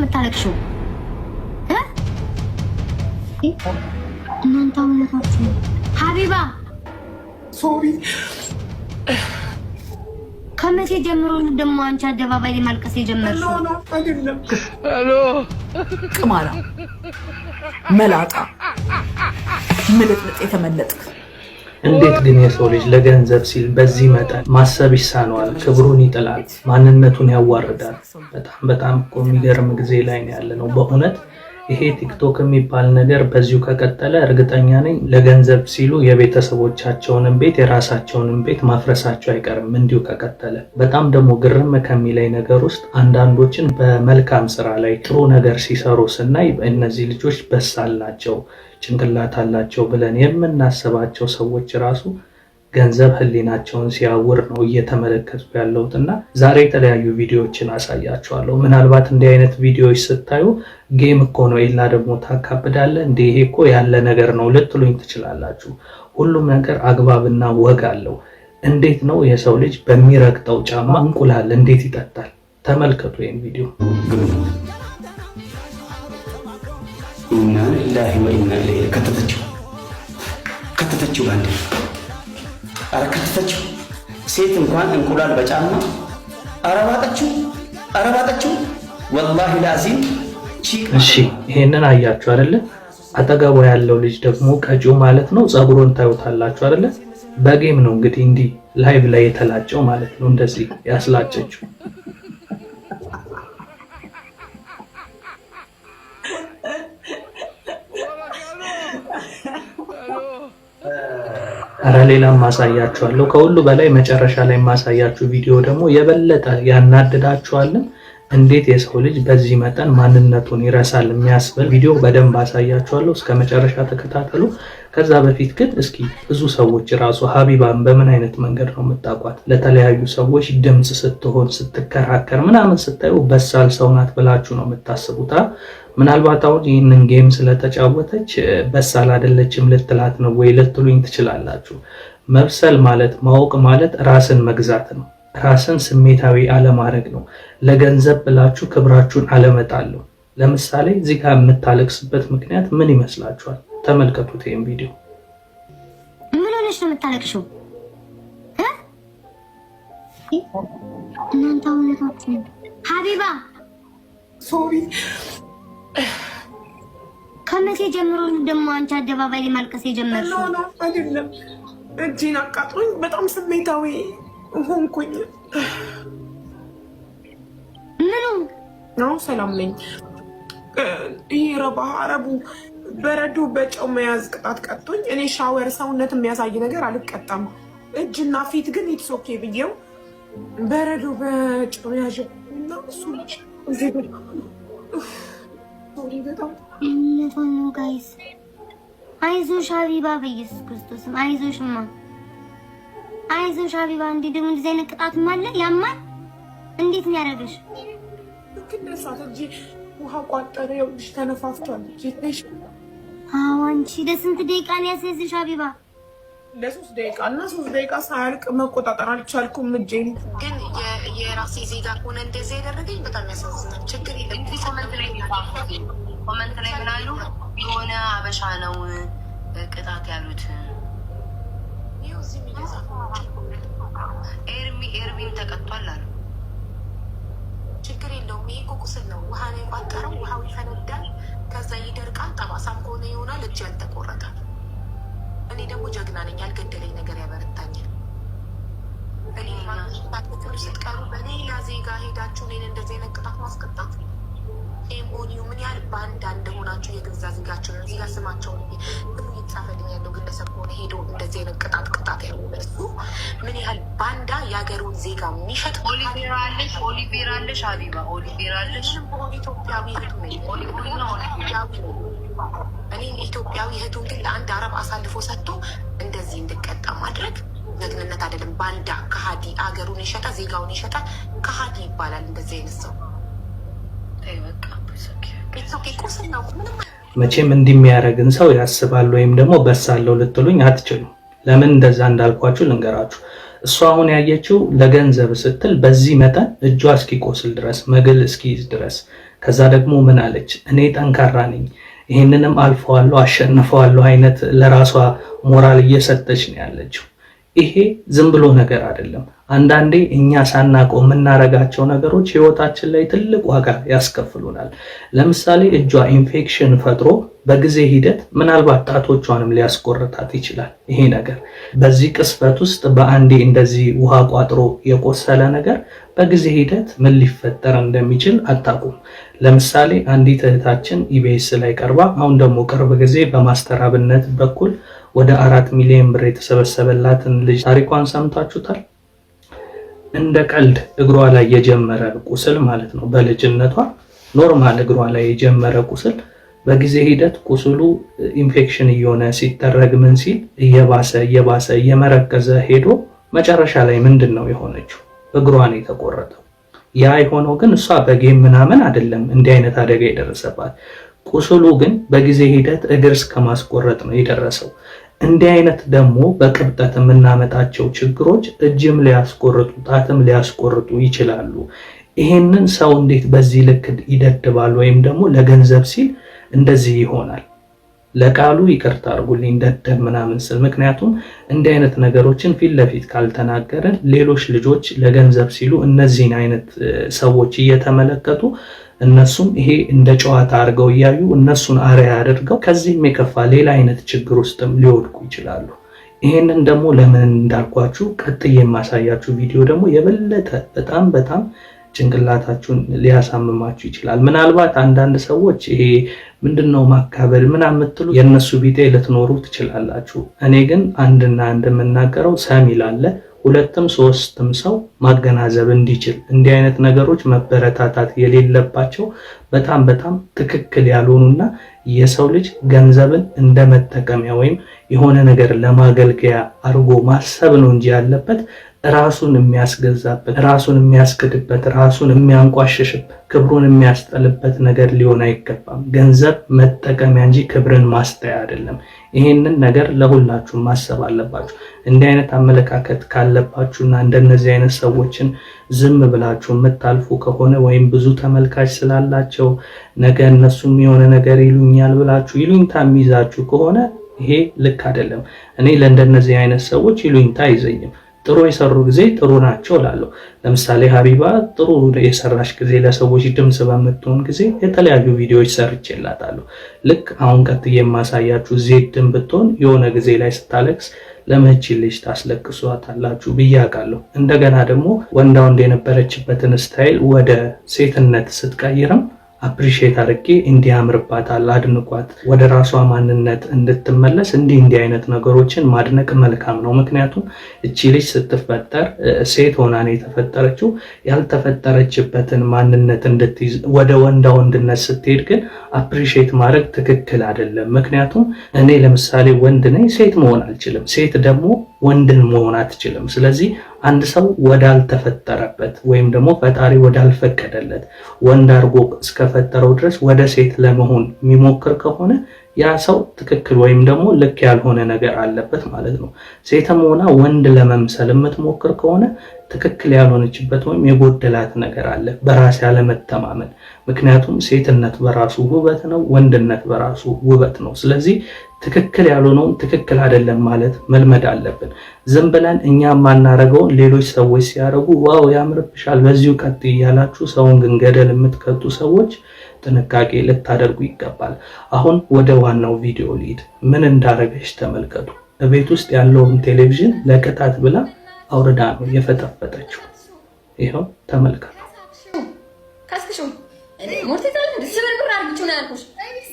ነው የምታለቅሽው? እናንተ እውነታችሁ ሀቢባ ሶሪ። ከመቼ ጀምሮ ደግሞ አንቺ አደባባይ ላይ ማልቀስ የጀመርሽው? ቅማላ መላጣ ምልጥልጥ የተመለጥክ እንዴት ግን የሰው ልጅ ለገንዘብ ሲል በዚህ መጠን ማሰብ ይሳነዋል? ክብሩን ይጥላል፣ ማንነቱን ያዋርዳል። በጣም በጣም እኮ የሚገርም ጊዜ ላይ ነው ያለ ነው በእውነት ይሄ ቲክቶክ የሚባል ነገር በዚሁ ከቀጠለ እርግጠኛ ነኝ ለገንዘብ ሲሉ የቤተሰቦቻቸውንም ቤት የራሳቸውንም ቤት ማፍረሳቸው አይቀርም። እንዲሁ ከቀጠለ በጣም ደግሞ ግርም ከሚለይ ነገር ውስጥ አንዳንዶችን በመልካም ስራ ላይ ጥሩ ነገር ሲሰሩ ስናይ እነዚህ ልጆች በሳል ናቸው፣ ጭንቅላት አላቸው ብለን የምናስባቸው ሰዎች ራሱ ገንዘብ ህሊናቸውን ሲያውር ነው እየተመለከቱ ያለሁት እና ዛሬ የተለያዩ ቪዲዮዎችን አሳያችኋለሁ። ምናልባት እንዲህ አይነት ቪዲዮዎች ስታዩ ጌም እኮ ነው ኤላ ደግሞ ታካብዳለ እንዲ ይሄ እኮ ያለ ነገር ነው ልትሉኝ ትችላላችሁ። ሁሉም ነገር አግባብና ወግ አለው። እንዴት ነው የሰው ልጅ በሚረግጠው ጫማ እንቁላል እንዴት ይጠጣል? ተመልከቱ ይህን ቪዲዮ። ኢና ሊላሂ ወኢና ኢለይሂ ከተተችው ከተተችው አረ ሴት እንኳን እንቁላል በጫማ አረባጠችው አረባጠችው ወላሂ ላዚም እሺ ይሄንን አያችሁ አይደለ? አጠገቧ ያለው ልጅ ደግሞ ቀጪው ማለት ነው። ጸጉሩን ታዩታላችሁ አይደለ? በጌም ነው እንግዲህ እንዲህ ላይቭ ላይ የተላጨው ማለት ነው። እንደዚህ ያስላጨችው አረ ሌላም ማሳያችኋለሁ። ከሁሉ በላይ መጨረሻ ላይ ማሳያችሁ ቪዲዮ ደግሞ የበለጠ ያናድዳችኋልን። እንዴት የሰው ልጅ በዚህ መጠን ማንነቱን ይረሳል የሚያስብል ቪዲዮ በደንብ አሳያችኋለሁ። እስከ መጨረሻ ተከታተሉ። ከዛ በፊት ግን እስኪ ብዙ ሰዎች ራሱ ሀቢባን በምን አይነት መንገድ ነው የምታውቋት? ለተለያዩ ሰዎች ድምፅ ስትሆን ስትከራከር ምናምን ስታዩ በሳል ሰው ናት ብላችሁ ነው የምታስቡታ። ምናልባት አሁን ይህንን ጌም ስለተጫወተች በሳል አይደለችም ልትላት ነው ወይ ልትሉኝ ትችላላችሁ። መብሰል ማለት ማወቅ ማለት ራስን መግዛት ነው። ራስን ስሜታዊ አለማድረግ ነው። ለገንዘብ ብላችሁ ክብራችሁን አለመጣለሁ። ለምሳሌ እዚህ ጋር የምታለቅስበት ምክንያት ምን ይመስላችኋል? ተመልከቱት ይህም ቪዲዮ። ምን ሆነሽ ነው የምታለቅሽው? እናንተ ሀቢባ ሶሪ። ከመቼ ጀምሮ ደግሞ አንቺ አደባባይ ላይ ማልቀስ የጀመርሽው? አይደለም እጄን በጣም ስሜታዊ ሆንኩኝ። ምኑ ነው? ሰላም ነኝ። ይሄ ረባ አረቡ በረዶ በጨው መያዝ ቅጣት ቀጥቶኝ፣ እኔ ሻወር ሰውነት የሚያሳይ ነገር አልቀጣም። እጅና ፊት ግን ኢትስ ኦኬ ብዬው በረዶ በጨው ያዥ እና እሱ እዚህ አይዞሽ ሀቢባ በኢየሱስ ክርስቶስም አይዞሽማ፣ አይዞሽ ሀቢባ። ደግሞ እንደዚህ አይነት ቅጣት ያማል። እንዴት ያደረገሽ? ውሃ ቋጠረ። ይኸውልሽ ተነፋፍቷል። አንቺ ለስንት ደቂቃ ነው ያስያዝሽ? ሀቢባ ለሶስት ደቂቃ እና ሶስት ደቂቃ ሳያልቅ መቆጣጠር አልቻልኩም። እጄን ግን የራሴ ዜጋ ከሆነ እንደዚህ ያደረገኝ በጣም ያሳዝናል። ችግር እንግዲህ ኮመንት ላይ ኮመንት ላይ ምን አሉ የሆነ አበሻ ነው ቅጣት ያሉት ኤርሚ ኤርሚም ተቀጥቷል አሉ። ችግር የለውም። ይሄ እኮ ቁስል ነው። ውሃ ነው የቋጠረው። ውሃው ይፈነዳል። ከዛ ይደርቃል። ጠባሳም ከሆነ ይሆናል። እጅ ያልተቆረጠ እኔ ደግሞ ጀግና ነኝ። ያልገደለኝ ነገር ያበረታኛል። እኔ ማ ስትቀሩ በሌላ ዜጋ ሄዳችሁ እኔን እንደዚህ አይነት ቅጣት ማስቀጣት ኤምኦዲዩ ምን ያህል ባንዳ እንደሆናቸው የገዛ ዜጋቸው ነው። ዜጋ ስማቸውን ስሙ ይጻፈልኝ ያለው ግለሰብ ከሆነ ሄዶ እንደዚህ አይነት ቅጣት ቅጣት ያለው እሱ ምን ያህል ባንዳ የሀገሩን ዜጋ የሚሸጥ ኦሊቬራለሽ ኦሊቬራለሽ አቢባ ኦሊቬራለሽ በሆን ኢትዮጵያዊ ህዱ እኔ ኢትዮጵያዊ ህዱን ግን ለአንድ አረብ አሳልፎ ሰጥቶ እንደዚህ እንድቀጣ ማድረግ ደግንነት አይደለም። ባንዳ ከሀዲ አገሩን ይሸጣ ዜጋውን ይሸጣ ከሀዲ ይባላል እንደዚህ አይነት ሰው መቼም እንዲህ የሚያደርግን ሰው ያስባል ወይም ደግሞ በሳለው ልትሉኝ አትችሉም። ለምን እንደዛ እንዳልኳችሁ ልንገራችሁ። እሷ አሁን ያየችው ለገንዘብ ስትል በዚህ መጠን እጇ እስኪቆስል ድረስ መግል እስኪይዝ ድረስ ከዛ ደግሞ ምን አለች? እኔ ጠንካራ ነኝ፣ ይህንንም አልፈዋለሁ፣ አሸንፈዋለሁ አይነት ለራሷ ሞራል እየሰጠች ነው ያለችው። ይሄ ዝም ብሎ ነገር አይደለም። አንዳንዴ እኛ ሳናቀው የምናረጋቸው ነገሮች ህይወታችን ላይ ትልቅ ዋጋ ያስከፍሉናል። ለምሳሌ እጇ ኢንፌክሽን ፈጥሮ በጊዜ ሂደት ምናልባት ጣቶቿንም ሊያስቆርጣት ይችላል። ይሄ ነገር በዚህ ቅስፈት ውስጥ በአንዴ እንደዚህ ውሃ ቋጥሮ የቆሰለ ነገር በጊዜ ሂደት ምን ሊፈጠር እንደሚችል አታውቁም። ለምሳሌ አንዲት እህታችን ኢቢኤስ ላይ ቀርባ አሁን ደግሞ ቅርብ ጊዜ በማስተራብነት በኩል ወደ አራት ሚሊዮን ብር የተሰበሰበላትን ልጅ ታሪኳን ሰምታችሁታል። እንደ ቀልድ እግሯ ላይ የጀመረ ቁስል ማለት ነው። በልጅነቷ ኖርማል እግሯ ላይ የጀመረ ቁስል በጊዜ ሂደት ቁስሉ ኢንፌክሽን እየሆነ ሲደረግ ምን ሲል እየባሰ እየባሰ እየመረከዘ ሄዶ መጨረሻ ላይ ምንድን ነው የሆነችው? እግሯን የተቆረጠው። ያ የሆነው ግን እሷ በጌም ምናምን አይደለም እንዲህ አይነት አደጋ የደረሰባት ቁስሉ ግን በጊዜ ሂደት እግር እስከ ማስቆረጥ ነው የደረሰው። እንዲህ አይነት ደግሞ በቅብጠት የምናመጣቸው ችግሮች እጅም ሊያስቆርጡ ጣትም ሊያስቆርጡ ይችላሉ። ይሄንን ሰው እንዴት በዚህ ልክ ይደድባል? ወይም ደግሞ ለገንዘብ ሲል እንደዚህ ይሆናል። ለቃሉ ይቅርታ አድርጉልኝ ደደብ ምናምን ስል፣ ምክንያቱም እንዲህ አይነት ነገሮችን ፊት ለፊት ካልተናገርን ሌሎች ልጆች ለገንዘብ ሲሉ እነዚህን አይነት ሰዎች እየተመለከቱ እነሱም ይሄ እንደ ጨዋታ አድርገው እያዩ እነሱን አርያ አድርገው ከዚህም የከፋ ሌላ አይነት ችግር ውስጥም ሊወድቁ ይችላሉ። ይሄንን ደግሞ ለምን እንዳልኳችሁ ቀጥዬ የማሳያችሁ ቪዲዮ ደግሞ የበለጠ በጣም በጣም ጭንቅላታችሁን ሊያሳምማችሁ ይችላል። ምናልባት አንዳንድ ሰዎች ይሄ ምንድነው ማካበል ምና የምትሉ የእነሱ ቢጤ ልትኖሩ ትችላላችሁ። እኔ ግን አንድና አንድ የምናገረው ሰሚ ላለ ሁለትም ሶስትም ሰው ማገናዘብ እንዲችል እንዲህ አይነት ነገሮች መበረታታት የሌለባቸው በጣም በጣም ትክክል ያልሆኑና የሰው ልጅ ገንዘብን እንደ መጠቀሚያ ወይም የሆነ ነገር ለማገልገያ አድርጎ ማሰብ ነው እንጂ ያለበት ራሱን የሚያስገዛበት ራሱን የሚያስክድበት ራሱን የሚያንቋሽሽበት ክብሩን የሚያስጠልበት ነገር ሊሆን አይገባም። ገንዘብ መጠቀሚያ እንጂ ክብርን ማስጠያ አይደለም። ይሄንን ነገር ለሁላችሁም ማሰብ አለባችሁ። እንዲህ አይነት አመለካከት ካለባችሁና እንደነዚህ አይነት ሰዎችን ዝም ብላችሁ የምታልፉ ከሆነ ወይም ብዙ ተመልካች ስላላቸው ነገ እነሱም የሆነ ነገር ይሉኛል ብላችሁ ይሉኝታ የሚይዛችሁ ከሆነ ይሄ ልክ አይደለም። እኔ ለእንደነዚህ አይነት ሰዎች ይሉኝታ አይዘኝም። ጥሩ የሰሩ ጊዜ ጥሩ ናቸው እላለሁ። ለምሳሌ ሀቢባ ጥሩ የሰራሽ ጊዜ ለሰዎች ድምፅ በምትሆን ጊዜ የተለያዩ ቪዲዮዎች ሰርቼላታለሁ። ልክ አሁን ቀጥዬ የማሳያችሁ ዜድን ብትሆን የሆነ ጊዜ ላይ ስታለቅስ ለመቺ ልጅ ታስለቅሷታላችሁ ብያቃለሁ። እንደገና ደግሞ ወንዳ ወንድ የነበረችበትን ስታይል ወደ ሴትነት ስትቀይርም አፕሪሺየት አድርጌ እንዲህ አድንቋት፣ ወደ ራሷ ማንነት እንድትመለስ እንዲህ እንዲህ አይነት ነገሮችን ማድነቅ መልካም ነው። ምክንያቱም እቺ ልጅ ስትፈጠር ሴት ሆና ነው የተፈጠረችው። ያልተፈጠረችበትን ማንነት እንድትይዝ ወደ ወንዳ ወንድነት ስትሄድ ግን አፕሪሺየት ማድረግ ትክክል አይደለም። ምክንያቱም እኔ ለምሳሌ ወንድ ነኝ፣ ሴት መሆን አልችልም። ሴት ደግሞ ወንድን መሆን አትችልም። ስለዚህ አንድ ሰው ወዳልተፈጠረበት ወይም ደግሞ ፈጣሪ ወዳልፈቀደለት ወንድ አድርጎ እስከፈጠረው ድረስ ወደ ሴት ለመሆን የሚሞክር ከሆነ ያ ሰው ትክክል ወይም ደግሞ ልክ ያልሆነ ነገር አለበት ማለት ነው። ሴትም ሆና ወንድ ለመምሰል የምትሞክር ከሆነ ትክክል ያልሆነችበት ወይም የጎደላት ነገር አለ፣ በራስ ያለመተማመን። ምክንያቱም ሴትነት በራሱ ውበት ነው፣ ወንድነት በራሱ ውበት ነው። ስለዚህ ትክክል ያልሆነውን ትክክል አይደለም ማለት መልመድ አለብን። ዝም ብለን እኛ የማናረገውን ሌሎች ሰዎች ሲያደርጉ ዋው ያምርብሻል፣ በዚሁ ቀጥ እያላችሁ ሰውን ግን ገደል የምትከቱ ሰዎች ጥንቃቄ ልታደርጉ ይገባል። አሁን ወደ ዋናው ቪዲዮ ሊድ ምን እንዳረገች ተመልከቱ። እቤት ውስጥ ያለውን ቴሌቪዥን ለቅጣት ብላ አውርዳ ነው የፈጠፈጠችው። ይኸው ተመልከቱ። ሞርቴታል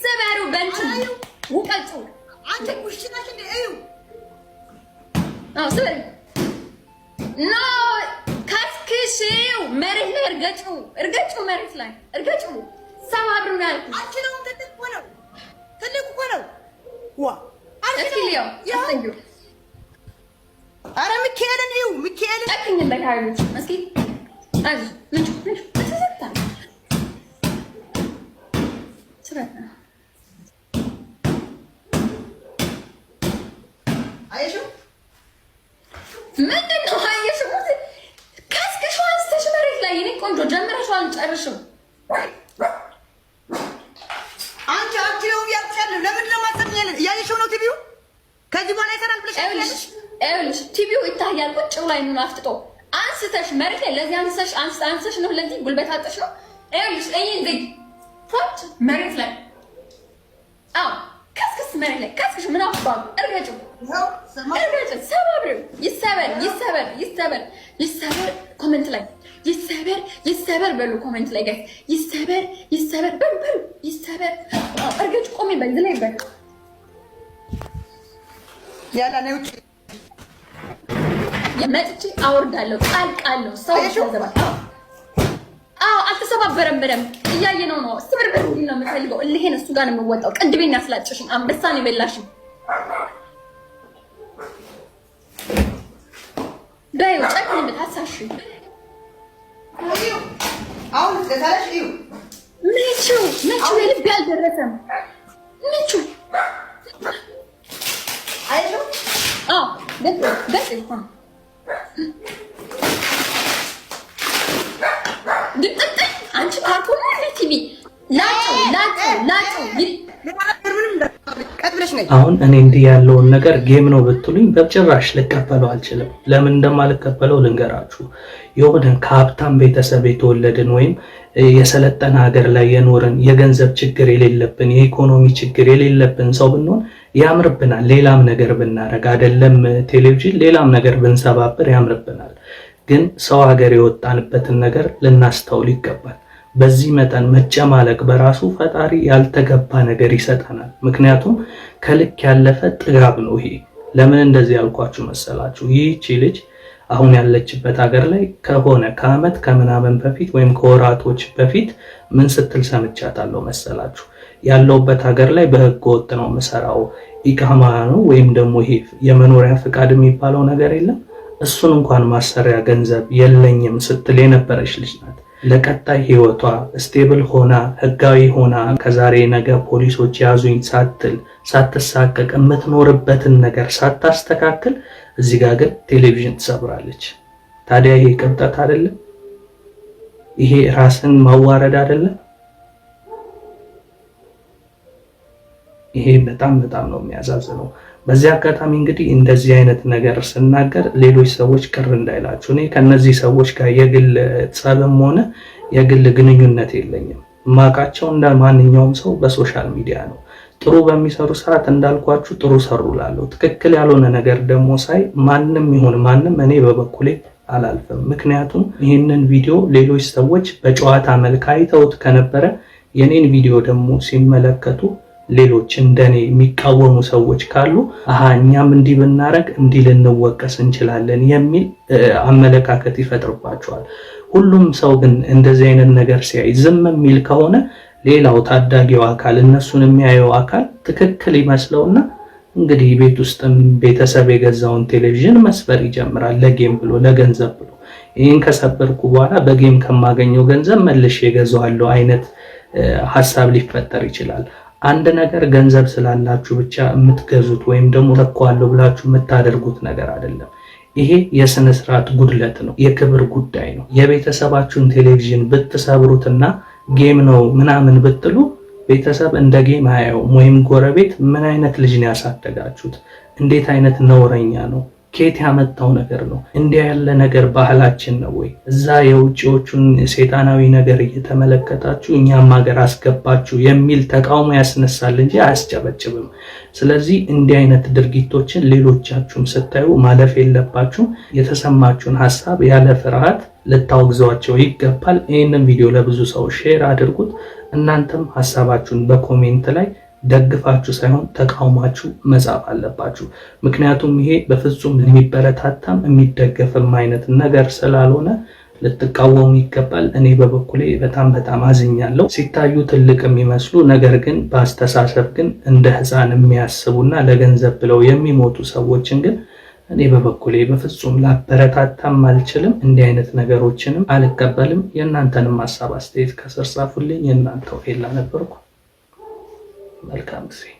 ሰበሩ በንት ውቀጡ አንተ ጉሽናት እንደ እዩ አው ስበል ኖ ከስክሽው መሬት ላይ እርገጩ እርገጩ መሬት ላይ እርገጩ ሰው አብሩን ያልኩ አንቺ ነው ትልቅ እኮ ነው ትልቅ እኮ ነው ዋ አንቺ ነው ያው አረ ሚካኤልን እዩ ሚካኤልን አትኝበት አይሉ መስኪ አዝ ልጅ ልጅ ትዝታ ስበል ምንድን ነው አየሽሙት? ከስክሽ አንስተሽ መሬት ላይ እኔ ቆንጆ ጀምረሽ አልጨርሽም። አንቺ አትየው ያልቻለሁ ለምን ለማጸጥ ያየሽው ነው ቲቪው ከዚህ በኋላ ይሰራል ብለሽ ይኸውልሽ፣ ቲቪው ይታያል። ቁጭ ብላ ይኑን አፍጥጦ አንስተሽ መሬት ላይ ለዚህ አንስተሽ አንስተሽ ነው ለዚህ ጉልበት አጥሽ ነው። ይኸውልሽ እኔ እንደዚህ ፎት መሬት ላይ አዎ ከስክስ መሬት ላይ ከስክሽ ምን አባሉ እርገጭ እርገጭ፣ ሰባብሪው፣ ይሰበር ይሰበር ይሰበር ይሰበር፣ ኮሜንት ላይ ይሰበር ይሰበር በሉ፣ ኮሜንት ላይ ጋይስ ይሰበር ይሰበር በሉ በሉ፣ ይሰበር እርገጭ፣ ቆሜ በዚህ ላይ በሉ ያላ ነው መጥቼ አወርዳለሁ፣ ጣልቃለሁ ሰው ዘባ አልተሰባበረም። በደንብ እያየነው ነው። ነው ስብርብር ነው የምፈልገው። እልሄን እሱ ጋር ነው የምወጣው። ቅድቤን ያስላጨሽኝ፣ አንበሳን የበላሽኝ በይው ጨክንበት፣ አሳሽኝ ምቹ ምቹ አልደረሰም። ምቹ አንቺ ነው ቲቪ አሁን እኔ እንዲህ ያለውን ነገር ጌም ነው ብትሉኝ በጭራሽ ልቀበለው አልችልም። ለምን እንደማልቀበለው ልንገራችሁ። የሆነ ከሀብታም ቤተሰብ የተወለድን ወይም የሰለጠነ ሀገር ላይ የኖርን የገንዘብ ችግር የሌለብን የኢኮኖሚ ችግር የሌለብን ሰው ብንሆን ያምርብናል። ሌላም ነገር ብናረግ አይደለም ቴሌቪዥን፣ ሌላም ነገር ብንሰባብር ያምርብናል። ግን ሰው ሀገር የወጣንበትን ነገር ልናስተውል ይገባል። በዚህ መጠን መጨማለቅ በራሱ ፈጣሪ ያልተገባ ነገር ይሰጠናል። ምክንያቱም ከልክ ያለፈ ጥጋብ ነው ይሄ። ለምን እንደዚህ ያልኳችሁ መሰላችሁ? ይህቺ ልጅ አሁን ያለችበት ሀገር ላይ ከሆነ ከዓመት ከምናምን በፊት ወይም ከወራቶች በፊት ምን ስትል ሰምቻታለሁ መሰላችሁ? ያለውበት ሀገር ላይ በህገ ወጥ ነው የምሰራው፣ ኢቃማ ነው ወይም ደግሞ ይሄ የመኖሪያ ፍቃድ የሚባለው ነገር የለም እሱን እንኳን ማሰሪያ ገንዘብ የለኝም ስትል የነበረች ልጅ ናት። ለቀጣይ ህይወቷ ስቴብል ሆና ህጋዊ ሆና ከዛሬ ነገ ፖሊሶች ያዙኝ ሳትል ሳትሳቀቅ የምትኖርበትን ነገር ሳታስተካክል እዚህ ጋር ግን ቴሌቪዥን ትሰብራለች። ታዲያ ይሄ ቅብጠት አይደለም? ይሄ ራስን ማዋረድ አይደለም? ይሄ በጣም በጣም ነው የሚያሳዝነው። በዚህ አጋጣሚ እንግዲህ እንደዚህ አይነት ነገር ስናገር ሌሎች ሰዎች ቅር እንዳይላችሁ፣ እኔ ከነዚህ ሰዎች ጋር የግል ጸብም ሆነ የግል ግንኙነት የለኝም። ማቃቸው እንደ ማንኛውም ሰው በሶሻል ሚዲያ ነው። ጥሩ በሚሰሩ ሰዓት እንዳልኳችሁ ጥሩ ሰሩ ላለሁ፣ ትክክል ያልሆነ ነገር ደግሞ ሳይ ማንም ይሁን ማንም እኔ በበኩሌ አላልፍም። ምክንያቱም ይህንን ቪዲዮ ሌሎች ሰዎች በጨዋታ መልክ አይተውት ከነበረ የኔን ቪዲዮ ደግሞ ሲመለከቱ ሌሎች እንደኔ የሚቃወሙ ሰዎች ካሉ አሀ እኛም እንዲህ ብናረግ እንዲህ ልንወቀስ እንችላለን የሚል አመለካከት ይፈጥርባቸዋል። ሁሉም ሰው ግን እንደዚህ አይነት ነገር ሲያይ ዝም የሚል ከሆነ ሌላው ታዳጊው አካል እነሱን የሚያየው አካል ትክክል ይመስለውና እንግዲህ ቤት ውስጥም ቤተሰብ የገዛውን ቴሌቪዥን መስበር ይጀምራል ለጌም ብሎ ለገንዘብ ብሎ ይህን ከሰበርኩ በኋላ በጌም ከማገኘው ገንዘብ መልሼ እገዛዋለሁ አይነት ሀሳብ ሊፈጠር ይችላል። አንድ ነገር ገንዘብ ስላላችሁ ብቻ የምትገዙት ወይም ደግሞ ተኳለሁ ብላችሁ የምታደርጉት ነገር አይደለም። ይሄ የስነ ስርዓት ጉድለት ነው፣ የክብር ጉዳይ ነው። የቤተሰባችሁን ቴሌቪዥን ብትሰብሩትና ጌም ነው ምናምን ብትሉ ቤተሰብ እንደ ጌም አያየውም። ወይም ጎረቤት ምን አይነት ልጅ ነው ያሳደጋችሁት? እንዴት አይነት ነውረኛ ነው ኬት ያመጣው ነገር ነው? እንዲያ ያለ ነገር ባህላችን ነው ወይ? እዛ የውጭዎቹን ሴጣናዊ ነገር እየተመለከታችሁ እኛም ሀገር አስገባችሁ የሚል ተቃውሞ ያስነሳል እንጂ አያስጨበጭብም። ስለዚህ እንዲህ አይነት ድርጊቶችን ሌሎቻችሁም ስታዩ ማለፍ የለባችሁም። የተሰማችሁን ሀሳብ ያለ ፍርሃት ልታወግዘዋቸው ይገባል። ይህንን ቪዲዮ ለብዙ ሰው ሼር አድርጉት። እናንተም ሀሳባችሁን በኮሜንት ላይ ደግፋችሁ ሳይሆን ተቃውማችሁ መጻፍ አለባችሁ። ምክንያቱም ይሄ በፍጹም የሚበረታታም የሚደገፍም አይነት ነገር ስላልሆነ ልትቃወሙ ይገባል። እኔ በበኩሌ በጣም በጣም አዝኛለሁ። ሲታዩ ትልቅ የሚመስሉ ነገር ግን በአስተሳሰብ ግን እንደ ሕፃን የሚያስቡና ለገንዘብ ብለው የሚሞቱ ሰዎችን ግን እኔ በበኩሌ በፍጹም ላበረታታም አልችልም። እንዲህ አይነት ነገሮችንም አልቀበልም። የእናንተንም ሀሳብ አስተያየት ከስር ጻፉልኝ። የእናንተው ነበርኩ። መልካም ጊዜ